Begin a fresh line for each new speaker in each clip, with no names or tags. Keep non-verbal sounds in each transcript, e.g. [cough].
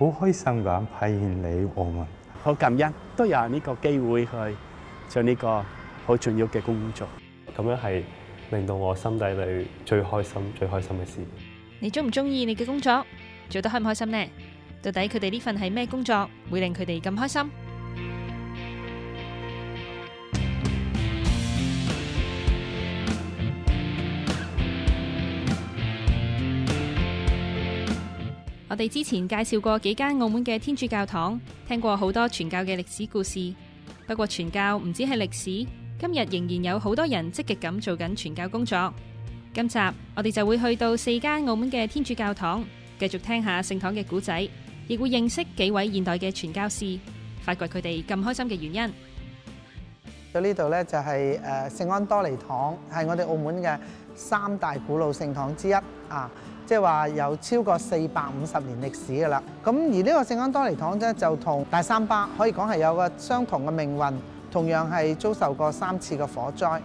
好開心㗎！批現你我們，好感恩都有呢個機會去做呢個好重要嘅工作。咁樣係令到
我心底裏最開心、最開心嘅事。
你鍾唔鍾意你嘅工作？做得開唔開心呢？到底佢哋呢份係咩工作，會令佢哋咁開心？我哋之前介紹過幾間澳門嘅天主教堂，聽過好多傳教嘅歷史故事。不過傳教唔止係歷史，今日仍然有好多人積極咁做緊傳教工作。今集我哋就會去到四間澳門嘅天主教堂，繼續聽下聖堂嘅故仔，亦會認識幾位現代嘅傳教士，發掘佢哋咁開心嘅原因。
到呢度呢，就係誒聖安多尼堂，係我哋澳門嘅三大古老聖堂之一啊！即係話有超過四百五十年歷史㗎啦，咁而呢個聖安多尼堂啫，就同大三巴可以講係有個相同嘅命運，同樣係遭受過三次嘅火災。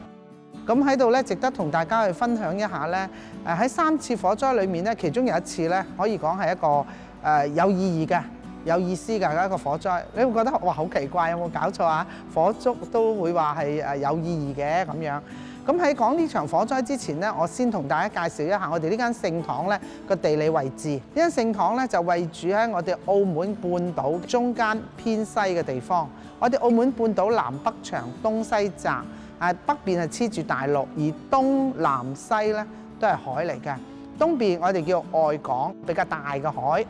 咁喺度咧，值得同大家去分享一下咧。誒喺三次火災裡面咧，其中有一次咧，可以講係一個誒、呃、有意義嘅、有意思嘅一個火災。你會覺得哇好奇怪，有冇搞錯啊？火燭都會話係誒有意義嘅咁樣。咁喺講呢場火災之前呢，我先同大家介紹一下我哋呢間聖堂呢個地理位置。呢間聖堂呢就位住喺我哋澳門半島中間偏西嘅地方。我哋澳門半島南北長、東西窄，啊北邊係黐住大陸，而東南西呢都係海嚟嘅。東邊我哋叫外港，比較大嘅海。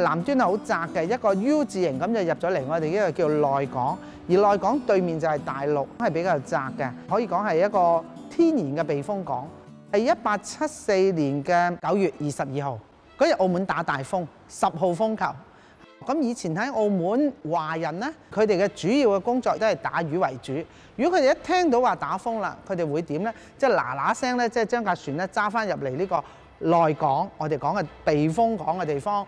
誒南端係好窄嘅，一個 U 字形咁就入咗嚟。我哋呢個叫內港，而內港對面就係大陸，係比較窄嘅，可以講係一個天然嘅避風港，係一八七四年嘅九月二十二號，嗰日澳門打大風，十號風球。咁以前喺澳門華人呢，佢哋嘅主要嘅工作都係打魚為主。如果佢哋一聽到話打風啦，佢哋會點呢？即係嗱嗱聲呢，即係將架船呢揸翻入嚟呢個內港，我哋講嘅避風港嘅地方。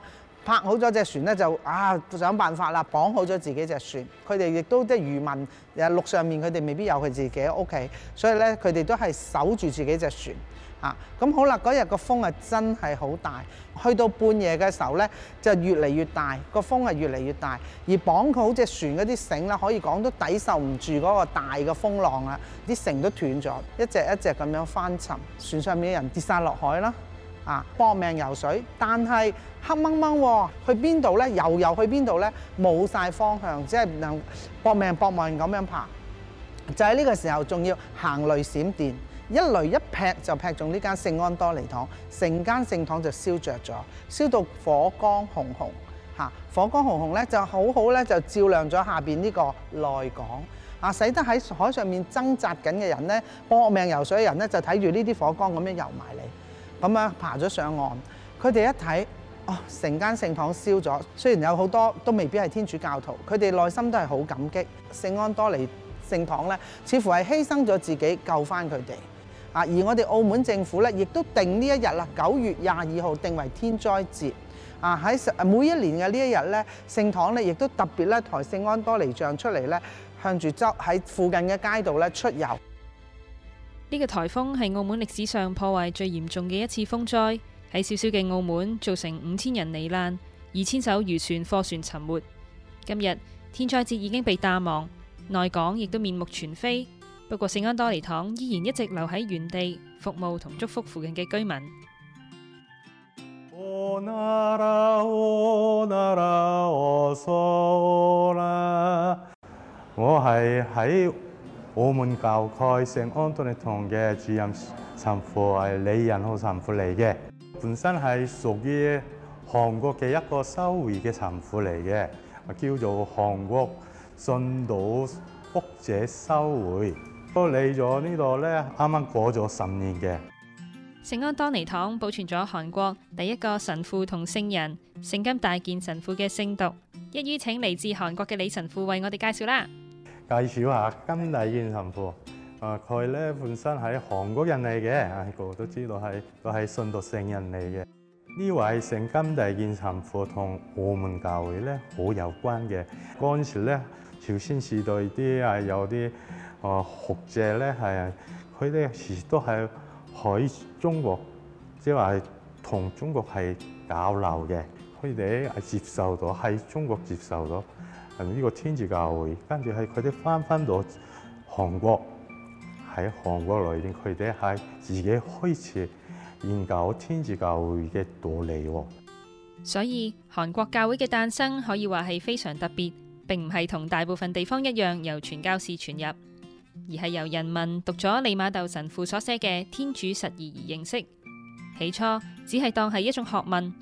泊好咗隻船咧，就啊想辦法啦，綁好咗自己隻船。佢哋亦都即係漁民，誒陸上面佢哋未必有佢自己屋企，所以咧佢哋都係守住自己隻船。啊，咁好啦，嗰日個風啊真係好大，去到半夜嘅時候咧就越嚟越大，個風係越嚟越大，而綁好隻船嗰啲繩咧，可以講都抵受唔住嗰個大嘅風浪啦，啲繩都斷咗，一隻一隻咁樣翻沉，船上面嘅人跌晒落海啦。搏命游水，但係黑掹掹，去邊度呢？游游去邊度呢？冇曬方向，即係能搏命搏命咁樣爬。就喺呢個時候，仲要行雷閃電，一雷一劈就劈中呢間聖安多尼堂，成間聖堂就燒着咗，燒到火光紅紅。嚇！火光紅紅呢，就好好呢，就照亮咗下面呢個內港。啊！使得喺海上面掙扎緊嘅人呢，搏命游水嘅人呢，就睇住呢啲火光咁樣游埋嚟。咁樣爬咗上岸，佢哋一睇，哦，成間聖堂燒咗。雖然有好多都未必係天主教徒，佢哋內心都係好感激聖安多尼聖堂呢，似乎係犧牲咗自己救翻佢哋。啊，而我哋澳門政府呢，亦都定呢一日啦，九月廿二號定為天災節。啊，喺每一年嘅呢一日呢，聖堂呢亦都特別咧抬聖安多尼像出嚟呢，向住周喺附近嘅街道呢出遊。
呢個颱風係澳門歷史上破壞最嚴重嘅一次風災，喺小小嘅澳門造成五千人罹難，二千艘漁船、貨船沉沒。今日天災節已經被淡忘，內港亦都面目全非。不過聖安多尼堂依然一直留喺原地，服務同祝福附近嘅居民。
我係喺澳門教區聖安多尼堂嘅主任神父係李仁浩神父嚟嘅。本身係屬於韓國嘅一個修會嘅神父嚟嘅，叫做韓國殉道福者修會。都嚟咗呢度咧，啱啱過咗十年嘅。
聖安多尼堂保存咗韓國第一個神父同聖人聖金大建神父嘅聖髑，一於請嚟自韓國嘅李神父為我哋介紹啦。
介紹下金大建神父。啊，佢咧本身係韓國人嚟嘅，個個都知道係都係信獨聖人嚟嘅。呢位成金大建神父同澳門教會咧好有關嘅。嗰陣時咧朝鮮時代啲啊有啲啊、呃、學者咧係，佢哋時時都係喺中國，即係話同中國係交流嘅，佢哋係接受到喺中國接受到。呢個天主教會，跟住係佢哋返返到韓國喺韓國裏邊，佢哋係自己開始研究天主教會嘅道理。
所以韓國教會嘅誕生可以話係非常特別，並唔係同大部分地方一樣由傳教士傳入，而係由人民讀咗利瑪竇神父所寫嘅《天主實義》而認識。起初只係當係一種學問，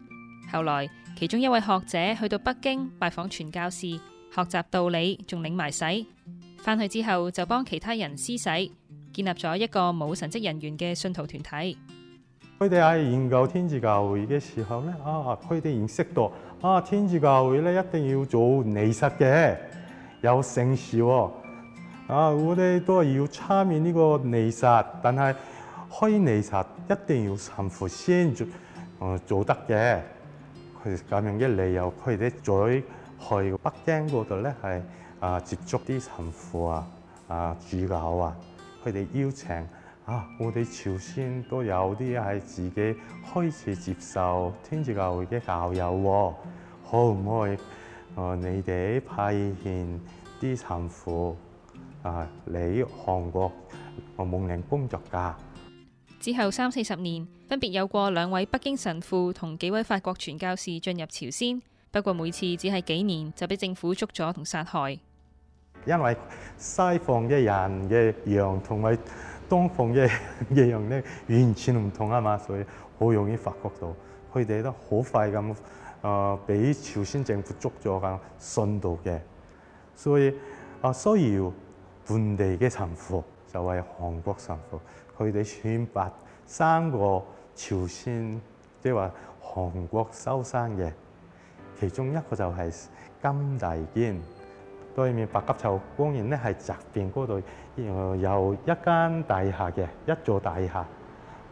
後來其中一位學者去到北京拜訪傳教士。學習道理，仲領埋洗，翻去之後就幫其他人施洗，建立咗一個冇神職人員嘅信徒團體。
佢哋喺研究天主教會嘅時候咧，啊，佢哋認識到啊，天主教會咧一定要做彌撒嘅，有聖事喎。啊，我哋都要參與呢個彌撒，但係開彌撒一定要神父先做，誒，做得嘅，佢哋咁樣嘅理由，佢哋再。去北京嗰度咧，係啊，接觸啲神父啊、啊主教啊，佢哋邀請啊，我哋朝鮮都有啲嘢係自己開始接受天主教會嘅教友喎、啊，可唔可以啊？你哋派遣啲神父啊嚟、啊、韓國啊，每年工作噶、啊。
之後三四十年，分別有過兩位北京神父同幾位法國傳教士進入朝鮮。不過每次只係幾年就俾政府捉咗同殺害，
因為西方嘅人嘅羊同埋東方嘅嘅羊咧完全唔同啊嘛，所以好容易發覺到佢哋都好快咁啊俾朝鮮政府捉咗咁信道嘅，所以啊，需要本地嘅神父就係韓國神父，佢哋選拔三個朝鮮即係話韓國修生嘅。其中一個就係金大建對面白鴿巢公園咧，係側邊嗰度有一間大廈嘅一座大廈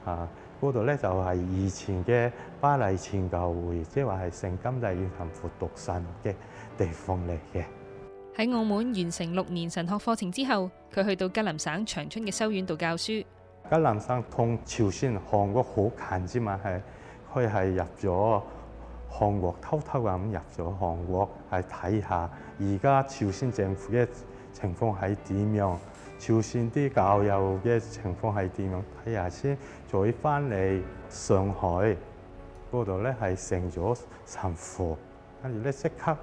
啊，嗰度咧就係以前嘅巴黎傳教會，即係話係聖金大建同傅讀神嘅地方嚟嘅。
喺澳門完成六年神學課程之後，佢去到吉林省長春嘅修院度教書。
吉林省同朝鮮韓國好近之嘛，係佢係入咗。韓國偷偷咁入咗韓國，係睇下而家朝鮮政府嘅情況係點樣，朝鮮啲教友嘅情況係點樣睇下先，看看再翻嚟上海嗰度咧係成咗神父，跟住咧即刻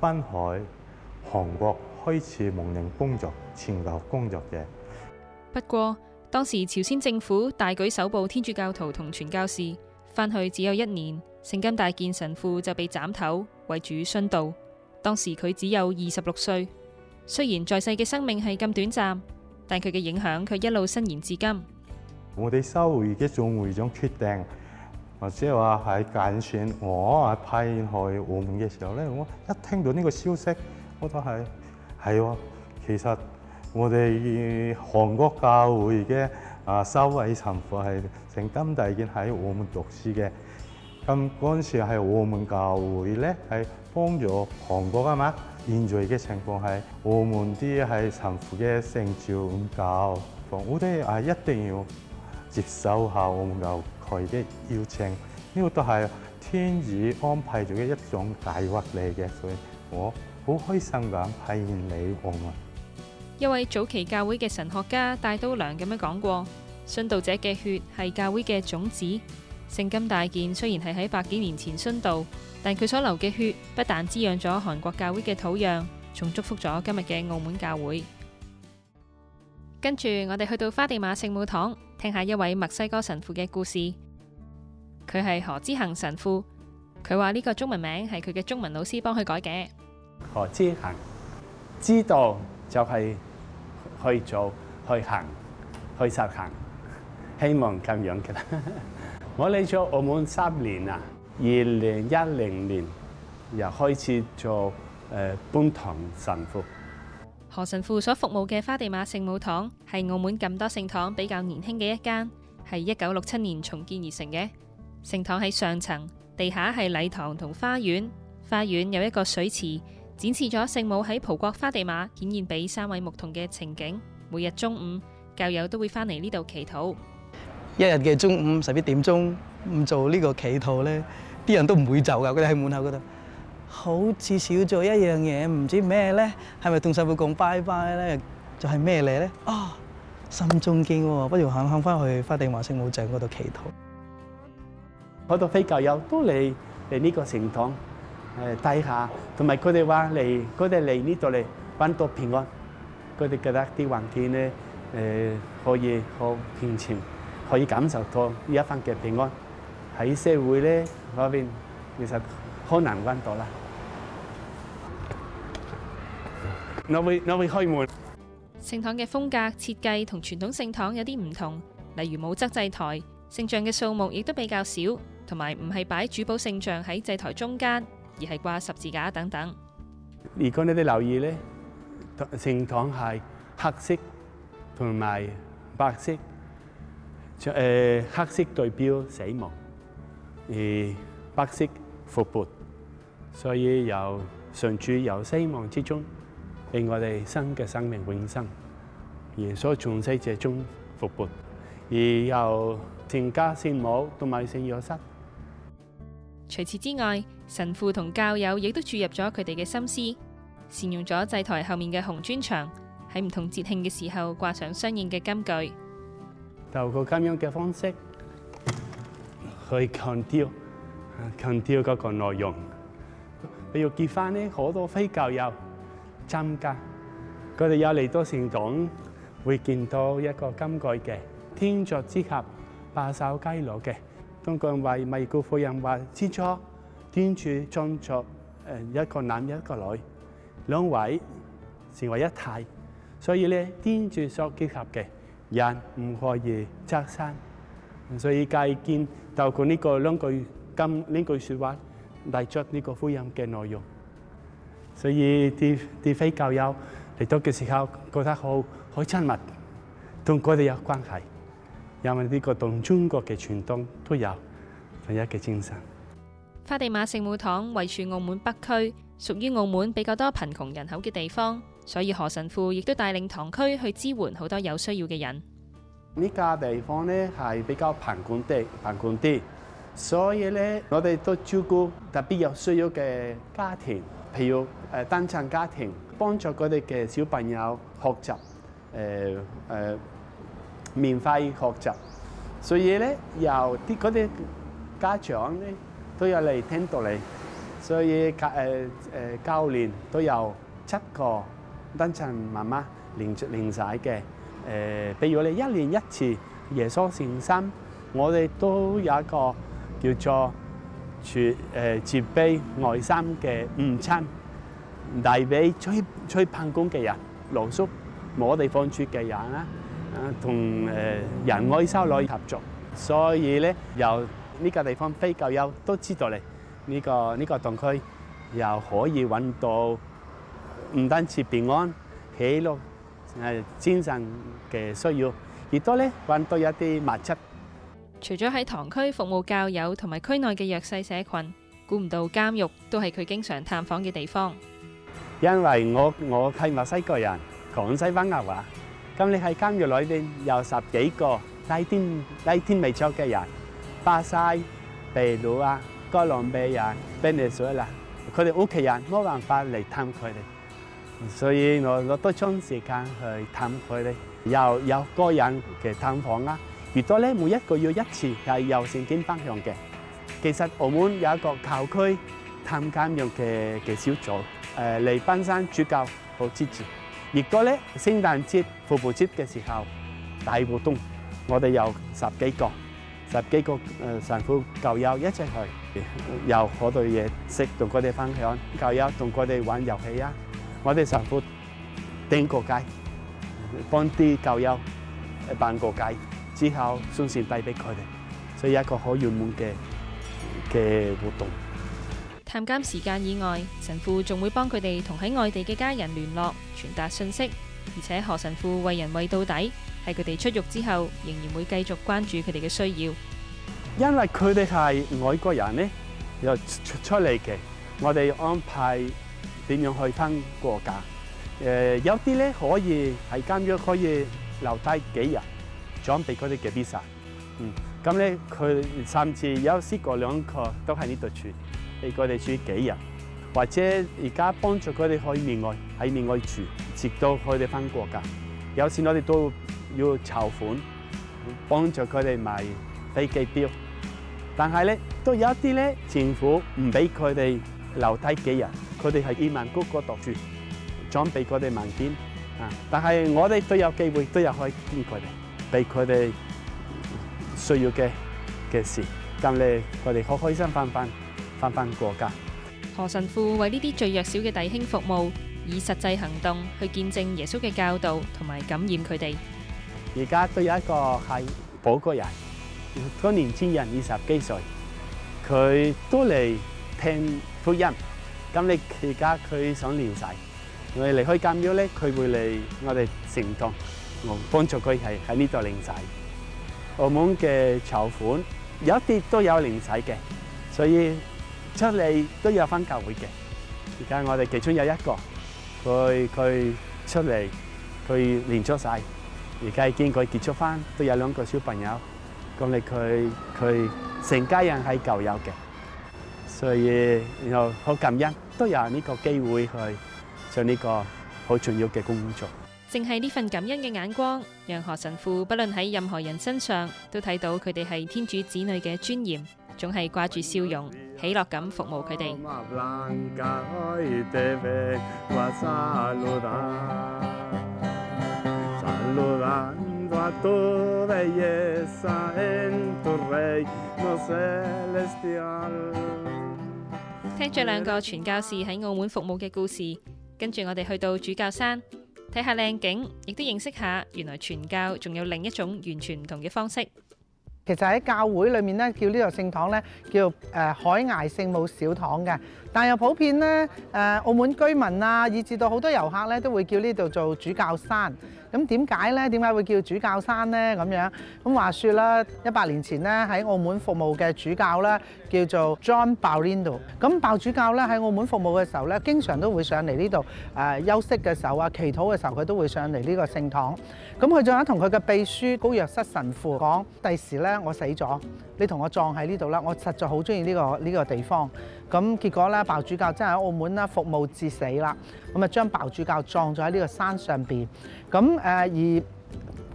翻去韓國開始蒙寧工作、傳教工作嘅。
不過當時朝鮮政府大舉搜捕天主教徒同傳教士。返去只有一年，聖金大建神父就被斬頭為主殉道。當時佢只有二十六歲，雖然在世嘅生命係咁短暫，但佢嘅影響卻一路伸延至今。
我哋修會嘅總會長決定，或者話喺揀選我派去澳門嘅時候咧，我一聽到呢個消息，我都係係喎。其實我哋韓國教會嘅。啊，收位神父係成金大已經喺澳門讀書嘅，咁嗰陣時係澳門教會咧，係幫咗韓國啊嘛。現在嘅情況係澳門啲係神父嘅聖召教，我哋啊一定要接受下澳門教會嘅邀請，呢個都係天意安排咗嘅一種計劃嚟嘅，所以我好開心咁歡迎你澳門。
一位早期教會嘅神學家戴都良咁樣講過：「殉道者嘅血係教會嘅種子。聖金大建雖然係喺百幾年前殉道，但佢所流嘅血不但滋養咗韓國教會嘅土壤，仲祝福咗今日嘅澳門教會。跟住，我哋去到花地瑪聖母堂，聽下一位墨西哥神父嘅故事。佢係何之恒神父，佢話呢個中文名係佢嘅中文老師幫佢改嘅。
何之恒知道就係、是。去做，去行，去實行，希望咁樣嘅。 [laughs] 我嚟咗澳門三年啦，二零一零年又開始做誒、呃、本堂神父。
何神父所服務嘅花地瑪聖母堂係澳門咁多聖堂比較年輕嘅一間，係一九六七年重建而成嘅。聖堂喺上層，地下係禮堂同花園，花園有一個水池。展示咗聖母喺葡國花地瑪顯現俾三位牧童嘅情景。每日中午，教友都會翻嚟呢度祈禱。
一日嘅
中午，十一點鐘唔做呢個祈禱咧，啲人都唔會走噶，佢哋喺門口嗰度。好似少做一樣嘢，唔知咩咧，係咪同聖母講拜拜咧？就係咩嚟咧？啊，心中驚喎，不如行行翻去花地瑪聖母像嗰度祈禱。
好多非教友都嚟嚟呢個聖堂。誒底下，同埋佢哋話嚟，佢哋嚟呢度嚟揾到平安。佢哋覺得啲環境咧，誒可以好平靜，可以感受到呢一份嘅平安，喺社會咧嗰邊其實好難揾到啦。我會我會開門，
聖堂嘅風格設計同傳統聖堂有啲唔同，例如冇側祭台，聖像嘅數目亦都比較少，同埋唔係擺主保聖像喺祭台中間。而係掛十字架等等。
而家你哋留意咧，聖堂係黑色同埋白色。誒，黑色代表死亡，而白色復活。所以由上主由死亡之中，令我哋新嘅生命永生，而所從死者中復活，而由聖家、聖母同埋聖約瑟。
除此之外。神父同教友亦都注入咗佢哋嘅心思，善用咗祭台後面嘅紅磚牆，喺唔同節慶嘅時候掛上相應嘅金句。
透過噉樣嘅方式，去強調強調嗰個內容。你要結翻咧，好多非教友參加，佢哋有嚟到聖堂會見到一個金句嘅天作之合，白頭偕老嘅。中國人話：咪告婦人話之初。天主創作誒一個男一個女，兩位成為一體，所以咧天主所結合嘅人唔可以拆散，所以介見透過呢個兩句今呢句説話，帶出呢個婚姻嘅內容，所以啲啲非教友嚟到嘅時候覺得好好親密，同佢哋有關係，因為呢個同中國嘅傳統都有同一嘅精神。
花地瑪聖母堂位處澳門北區，屬於澳門比較多貧窮人口嘅地方，所以何神父亦都帶領堂區去支援好多有需要嘅人。
呢、呢個地方咧係比較貧困啲，貧困啲，所以咧我哋都照顧特別有需要嘅家庭，譬如誒單親家庭，幫助佢哋嘅小朋友學習，誒誒免費學習，所以咧由啲嗰啲家長咧。都要嚟聽道理，所以教誒誒教練都有七個單親媽媽練練曬嘅誒。比如我哋一年一次耶穌聖心，我哋都有個叫做説誒慈悲愛心嘅午餐，帶俾吹吹棒工嘅人、露宿、某地方處嘅人啦，啊同誒仁愛修女合作，所以咧又。呢個地方非教友都知道咧，呢個呢個堂區又可以揾到唔單止平安喜樂，誒精神嘅需要，亦都咧揾到一啲物質。
除咗喺堂區服務教友同埋區內嘅弱勢社羣，估唔到監獄都係佢經常探訪嘅地方。
因為我我係墨西哥人，講西班牙話，咁你喺監獄裏邊有十幾個拉丁拉丁美洲嘅人。巴西、秘魯啊，哥倫比亞人邊度去啦？佢哋屋企人冇辦法嚟探佢哋，所以我我都充時間去探佢哋，又有個人嘅探訪啦。越多咧，每一個月一次係有聖經分享嘅。其實澳門有一個教區探監用嘅嘅小組，誒嚟賓山主教好支持。越多咧，聖誕節、復活節嘅時候大活動，我哋有十幾個。十幾個誒神父教友一齊去，有好多嘢食同佢哋分享，教友同佢哋玩遊戲啊！我哋神父頂個街，幫啲教友辦個街，之後送線遞俾佢哋，所以一個好圓滿嘅嘅活動。
探監時間以外，神父仲會幫佢哋同喺外地嘅家人聯絡、傳達信息，而且何神父為人為到底。係佢哋出獄之後，仍然會繼續關注佢哋嘅需要。
因為佢哋係外國人咧，又出嚟嘅，我哋安排點樣去翻國家？誒，有啲咧可以喺監獄可以留低幾日，準備佢哋嘅 visa。嗯，咁咧佢甚至有試過兩個都喺呢度住，俾佢哋住幾日，或者而家幫助佢哋去外面喺外面住，直到佢哋翻國家。有時我哋都要籌款幫助佢哋買飛機票，但係咧都有一啲咧，政府唔俾佢哋留低幾日，佢哋係移民嗰度住，準備佢哋文件。但係我哋都有機會，都有可以幫佢哋，俾佢哋需要嘅嘅事，咁你，佢哋開開心心翻翻翻翻國家。
何神父為呢啲最弱小嘅弟兄服務，以實際行動去見證耶穌嘅教導，同埋感染佢哋。
而家都有一個係保國人，嗰年青人二十幾歲，佢都嚟聽福音。咁你而家佢想練使，我哋離開間廟咧，佢會嚟我哋城堂幫助佢係喺呢度練使。澳門嘅籌款有一啲都有練使嘅，所以出嚟都有返教會嘅。而家我哋其中有一個，佢佢出嚟，佢練出曬。而家經過結束翻，都有兩個小朋友，咁嚟佢佢成家人係舊友嘅，所以然後好感恩，都有呢個機會去做呢個好重要嘅工作。
淨係呢份感恩嘅眼光，讓何神父不論喺任何人身上，都睇到佢哋係天主子女嘅尊嚴，總係掛住笑容、喜樂咁服務佢
哋。
聽著兩個傳教士喺澳門服務嘅故事，跟住我哋去到主教山睇下靚景，亦都認識下原來傳教仲有另一種完全唔同嘅方式。
其實喺教會裏面呢，叫呢個聖堂呢，叫誒海崖聖母小堂嘅。但又普遍咧，誒澳門居民啊，以至到好多遊客咧，都會叫呢度做主教山。咁點解咧？點解會叫主教山咧？咁樣咁話説啦，一百年前咧喺澳門服務嘅主教咧叫做 John Baulindo。咁爆主教咧喺澳門服務嘅時候咧，經常都會上嚟呢度誒休息嘅時候啊、祈禱嘅時候，佢都會上嚟呢個聖堂。咁佢仲有同佢嘅秘書高若瑟神父講：「第時咧我死咗，你同我葬喺呢度啦。我實在好中意呢個呢個地方。咁結果咧，鮑主教真係喺澳門啦，服務致死啦。咁啊，將鮑主教葬咗喺呢個山上邊。咁誒，而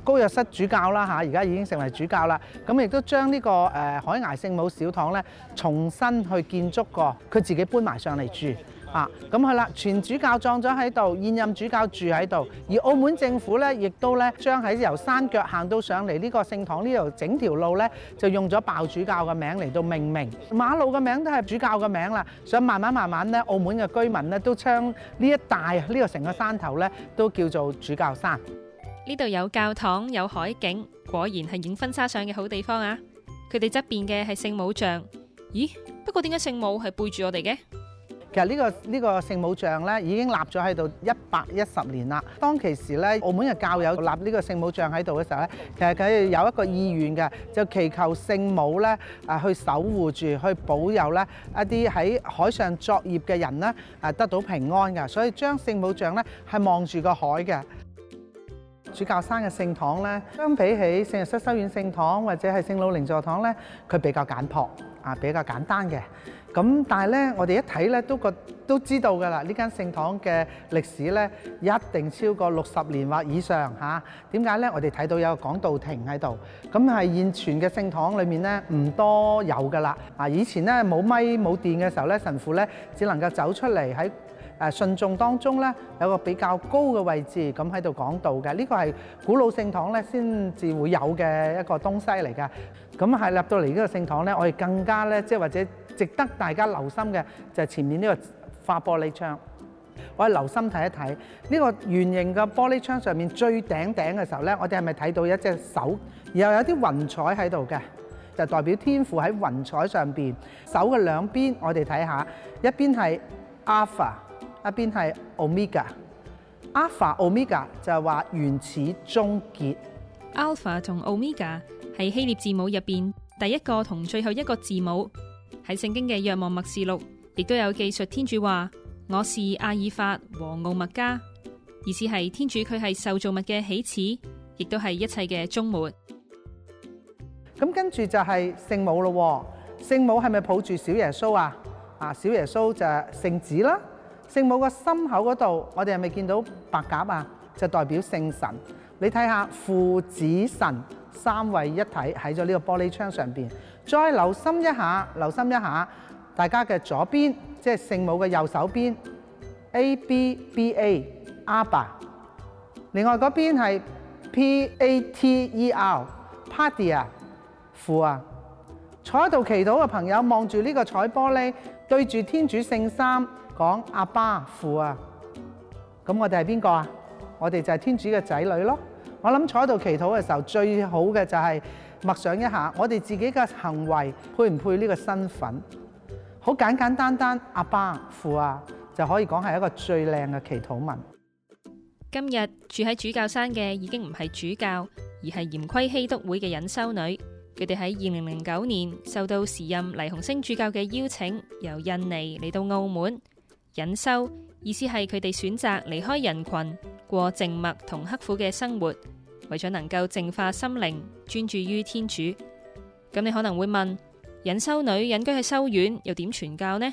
高若瑟主教啦嚇，而家已經成為主教啦。咁亦都將呢、這個誒、呃、海崖聖母小堂咧，重新去建築過，佢自己搬埋上嚟住。啊，咁係啦，前主教葬咗喺度，現任主教住喺度，而澳門政府咧，亦都咧將喺由山腳行到上嚟呢個聖堂呢度整條路咧，就用咗爆主教嘅名嚟到命名，馬路嘅名都係主教嘅名啦。想慢慢慢慢咧，澳門嘅居民咧都將呢一帶呢個成個山頭咧都叫做主教山。
呢度有教堂，有海景，果然係影婚紗相嘅好地方啊！佢哋側邊嘅係聖母像，咦？不過點解聖母係背住我哋嘅？其
實呢個呢個聖母像咧已經立咗喺度一百一十年啦。當其時咧，澳門嘅教友立呢個聖母像喺度嘅時候咧，其實佢有一個意願嘅，就祈求聖母咧啊去守護住、去保佑咧一啲喺海上作業嘅人咧啊得到平安嘅。所以將聖母像咧係望住個海嘅。主教山嘅聖堂咧，相比起聖日室修院聖堂或者係聖老靈座堂咧，佢比較簡樸啊，比較簡單嘅。咁但係咧，我哋一睇咧，都覺都知道㗎啦。這聖呢間聖堂嘅歷史咧，一定超過六十年或以上嚇。點解咧？我哋睇到有個講道亭喺度，咁係現存嘅聖堂裏面咧，唔多有㗎啦。啊，呢有呢有以前咧冇咪冇電嘅時候咧，神父咧只能夠走出嚟喺誒信眾當中咧，有個比較高嘅位置咁喺度講道嘅。呢、這個係古老聖堂咧先至會有嘅一個東西嚟㗎。咁係入到嚟呢個聖堂咧，我哋更加咧，即係或者。值得大家留心嘅就係前面呢個花玻璃窗，我哋留心睇一睇呢個圓形嘅玻璃窗上面最頂頂嘅時候咧，我哋係咪睇到一隻手，又有啲雲彩喺度嘅，就代表天父喺雲彩上邊，手嘅兩邊我哋睇下，一邊係 alpha 一邊係 omega。alpha omega 就係話原始終結，
alpha 同 omega 係希臘字母入邊第一個同最後一個字母。喺聖經嘅若望默示錄，亦都有記述天主話：我是阿爾法和奧默加，意思係天主佢係受造物嘅起始，亦都係一切嘅終末。
咁跟住就係聖母咯，聖母係咪抱住小耶穌啊？啊，小耶穌就係聖子啦。聖母個心口嗰度，我哋係咪見到白鴿啊？就代表聖神。你睇下父子神三位一體喺咗呢個玻璃窗上邊。再留心一下，留心一下，大家嘅左邊，即係聖母嘅右手邊，A B B A，阿爸。另外嗰邊係 P A T E R，Party 啊，父啊。坐喺度祈禱嘅朋友望住呢個彩玻璃，對住天主聖三講阿爸父啊。咁我哋係邊個啊？我哋就係天主嘅仔女咯。我諗坐喺度祈禱嘅時候，最好嘅就係、是。默想一下，我哋自己嘅行為配唔配呢個身份？好簡簡單單，阿爸父啊，就可以講係一個最靚嘅祈禱文。
今日住喺主教山嘅已經唔係主教，而係嚴規希督會嘅隱修女。佢哋喺二零零九年受到時任黎鴻昇主教嘅邀請，由印尼嚟到澳門隱修，意思係佢哋選擇離開人群，過靜默同刻苦嘅生活。為咗能夠淨化心靈，專注於天主，咁你可能會問：隱修女隱居喺修院，又點傳教呢？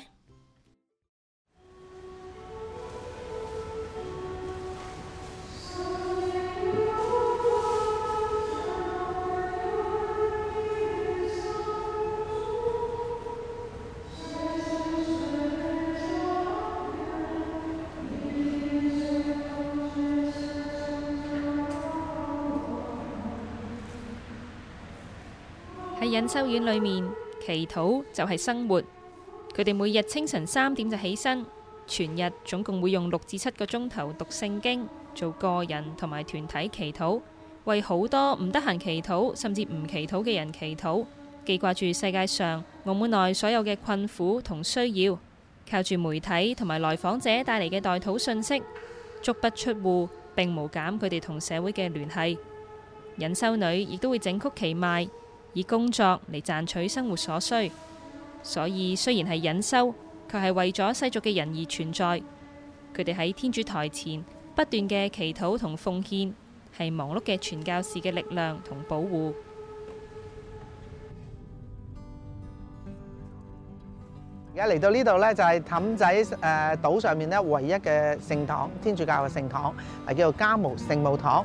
隱修院裏面祈禱就係生活，佢哋每日清晨三點就起身，全日總共會用六至七個鐘頭讀聖經，做個人同埋團體祈禱，為好多唔得閒祈禱甚至唔祈禱嘅人祈禱，記掛住世界上澳門內所有嘅困苦同需要，靠住媒體同埋來訪者帶嚟嘅代禱信息，足不出戶，並無減佢哋同社會嘅聯繫。隱修女亦都會整曲奇賣。以工作嚟賺取生活所需，所以雖然係隱修，卻係為咗世俗嘅人而存在。佢哋喺天主台前不斷嘅祈禱同奉獻，係忙碌嘅傳教士嘅力量同保護。而家嚟到呢度呢，就係氹仔
誒島上面呢唯一嘅聖堂，天主教嘅聖堂，係叫做嘉模聖母堂。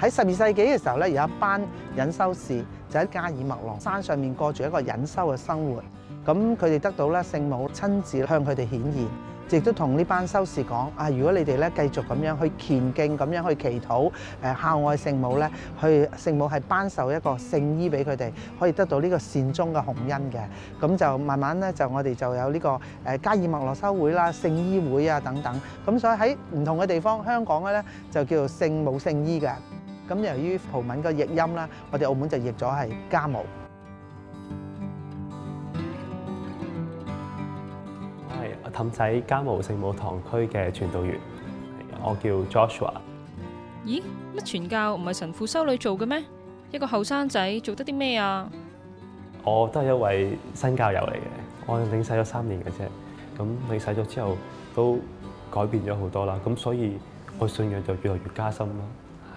喺十二世紀嘅時候呢，有一班隱修士，就喺加爾默羅山上面過住一個隱修嘅生活，咁佢哋得到咧聖母親自向佢哋顯現，亦都同呢班修士講：啊，如果你哋咧繼續咁樣去虔敬、咁樣去祈禱，誒孝愛聖母咧，去聖母係頒授一個聖衣俾佢哋，可以得到呢個善終嘅洪恩嘅。咁就慢慢咧就我哋就有呢個誒加爾默羅修會啦、聖衣會啊等等。咁所以喺唔同嘅地方，香港嘅咧就叫做聖母聖衣嘅。咁由於葡文個譯音啦，我哋澳門就譯咗係嘉模。
我係氹仔嘉模聖母堂區嘅傳道員，我叫 Joshua。
咦？乜傳教唔係神父修女做嘅咩？一個後生仔做得啲咩啊？
我都係一位新教友嚟嘅，我領洗咗三年嘅啫。咁領洗咗之後都改變咗好多啦。咁所以我信仰就越來越加深啦。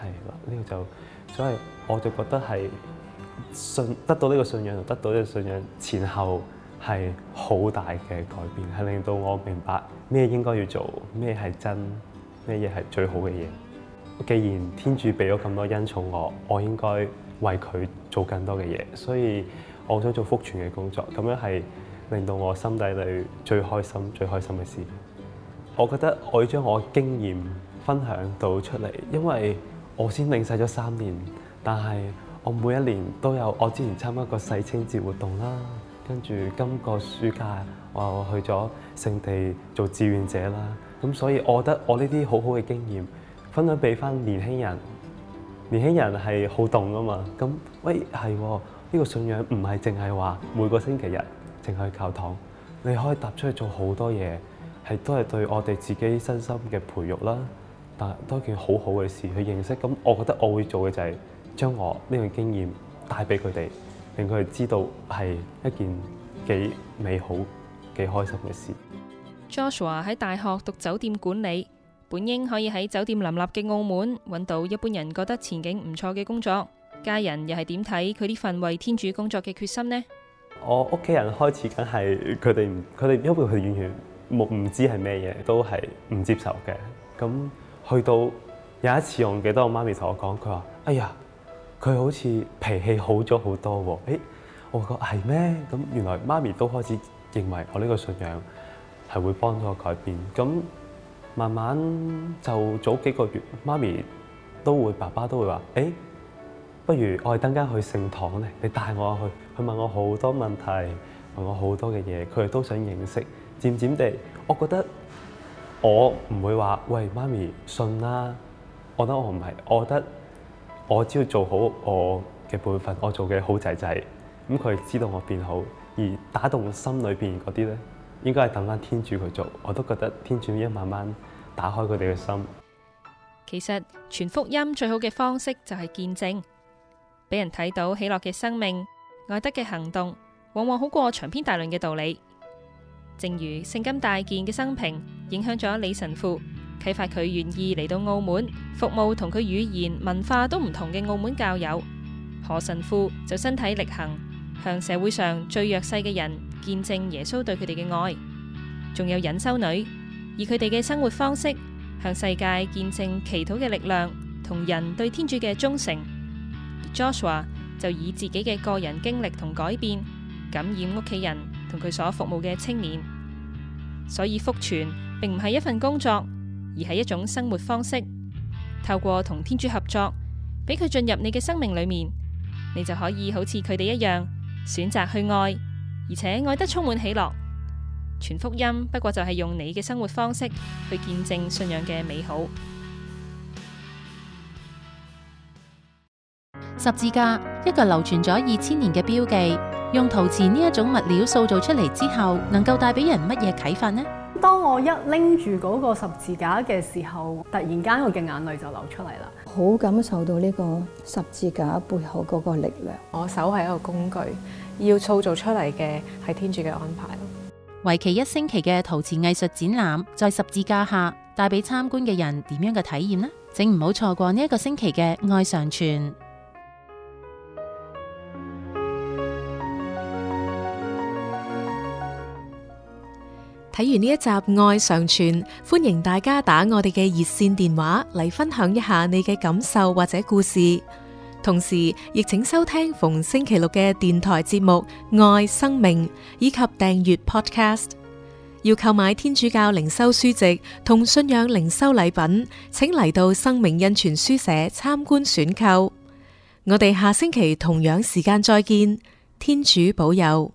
係，呢個就所以我就覺得係信得到呢個信仰同得到呢個信仰前後係好大嘅改變，係令到我明白咩應該要做，咩係真，咩嘢係最好嘅嘢。既然天主俾咗咁多恩寵我，我應該為佢做更多嘅嘢。所以我想做福傳嘅工作，咁樣係令到我心底裏最開心、最開心嘅事。我覺得我要將我經驗分享到出嚟，因為我先領洗咗三年，但係我每一年都有，我之前參加過世青節活動啦，跟住今個暑假我去咗聖地做志願者啦，咁所以我覺得我呢啲好好嘅經驗，分享俾翻年輕人。年輕人係好動啊嘛，咁喂係呢、呢個信仰唔係淨係話每個星期日淨係去教堂，你可以踏出去做好多嘢，係都係對我哋自己身心嘅培育啦。啊，多一件好好嘅事去認識。咁我覺得我會做嘅就係將我呢樣經驗帶俾佢哋，令佢哋知道係一件幾美好、幾開心嘅事。
Joshua 喺大學讀酒店管理，本應可以喺酒店林立嘅澳門揾到一般人覺得前景唔錯嘅工作。家人又係點睇佢呢份為天主工作嘅決心呢？
我屋企人開始緊係佢哋，佢哋因為佢哋完全冇唔知係咩嘢，都係唔接受嘅。咁去到有一次，我記得我媽咪同我講，佢話：哎呀，佢好似脾氣好咗好多喎、欸。我話：個係咩？咁原來媽咪都開始認為我呢個信仰係會幫助我改變。咁慢慢就早幾個月，媽咪都會爸爸都會話：誒、欸，不如我哋等陣間去聖堂咧，你帶我去。佢問我好多問題，問我好多嘅嘢，佢哋都想認識。漸漸地，我覺得。我唔會話，喂，媽咪信啦，我覺得我唔係，我覺得我只要做好我嘅本分，我做嘅好仔仔，咁佢知道我變好，而打動心裏邊嗰啲呢，應該係等翻天主去做，我都覺得天主已經慢慢打開佢哋嘅心。
其實傳福音最好嘅方式就係見證，俾人睇到喜樂嘅生命，愛德嘅行動，往往好過長篇大論嘅道理。正如聖金大建嘅生平影響咗李神父，啟發佢願意嚟到澳門服務同佢語言文化都唔同嘅澳門教友。何神父就身體力行，向社會上最弱勢嘅人見證耶穌對佢哋嘅愛。仲有隱修女，以佢哋嘅生活方式向世界見證祈禱嘅力量同人對天主嘅忠誠。而 Joshua 就以自己嘅個人經歷同改變感染屋企人同佢所服務嘅青年。所以福傳並唔係一份工作，而係一種生活方式。透過同天主合作，俾佢進入你嘅生命裏面，你就可以好似佢哋一樣，選擇去愛，而且愛得充滿喜樂。全福音不過就係用你嘅生活方式去見證信仰嘅美好。十字架，一個流傳咗二千年嘅標記。用陶瓷呢一種物料塑造出嚟之後，能夠帶俾人乜嘢啟發呢？當我一拎住嗰個十字架嘅時候，突然間我嘅眼淚就流出嚟啦，好感受到呢個十字架背後嗰個力量。我手係一個工具，要塑造出嚟嘅係天主嘅安排。為期一星期嘅陶瓷藝術展覽，在十字架下帶俾參觀嘅人點樣嘅體驗呢？請唔好錯過呢一個星期嘅愛常傳。睇完呢一集《愛常傳》，歡迎大家打我哋嘅熱線電話嚟分享一下你嘅感受或者故事。同時，亦請收聽逢星期六嘅電台節目《愛生命》，以及訂閱 Podcast。要購買天主教靈修書籍同信仰靈修禮品，請嚟到生命印傳書社參觀選購。我哋下星期同樣時間再見，天主保佑。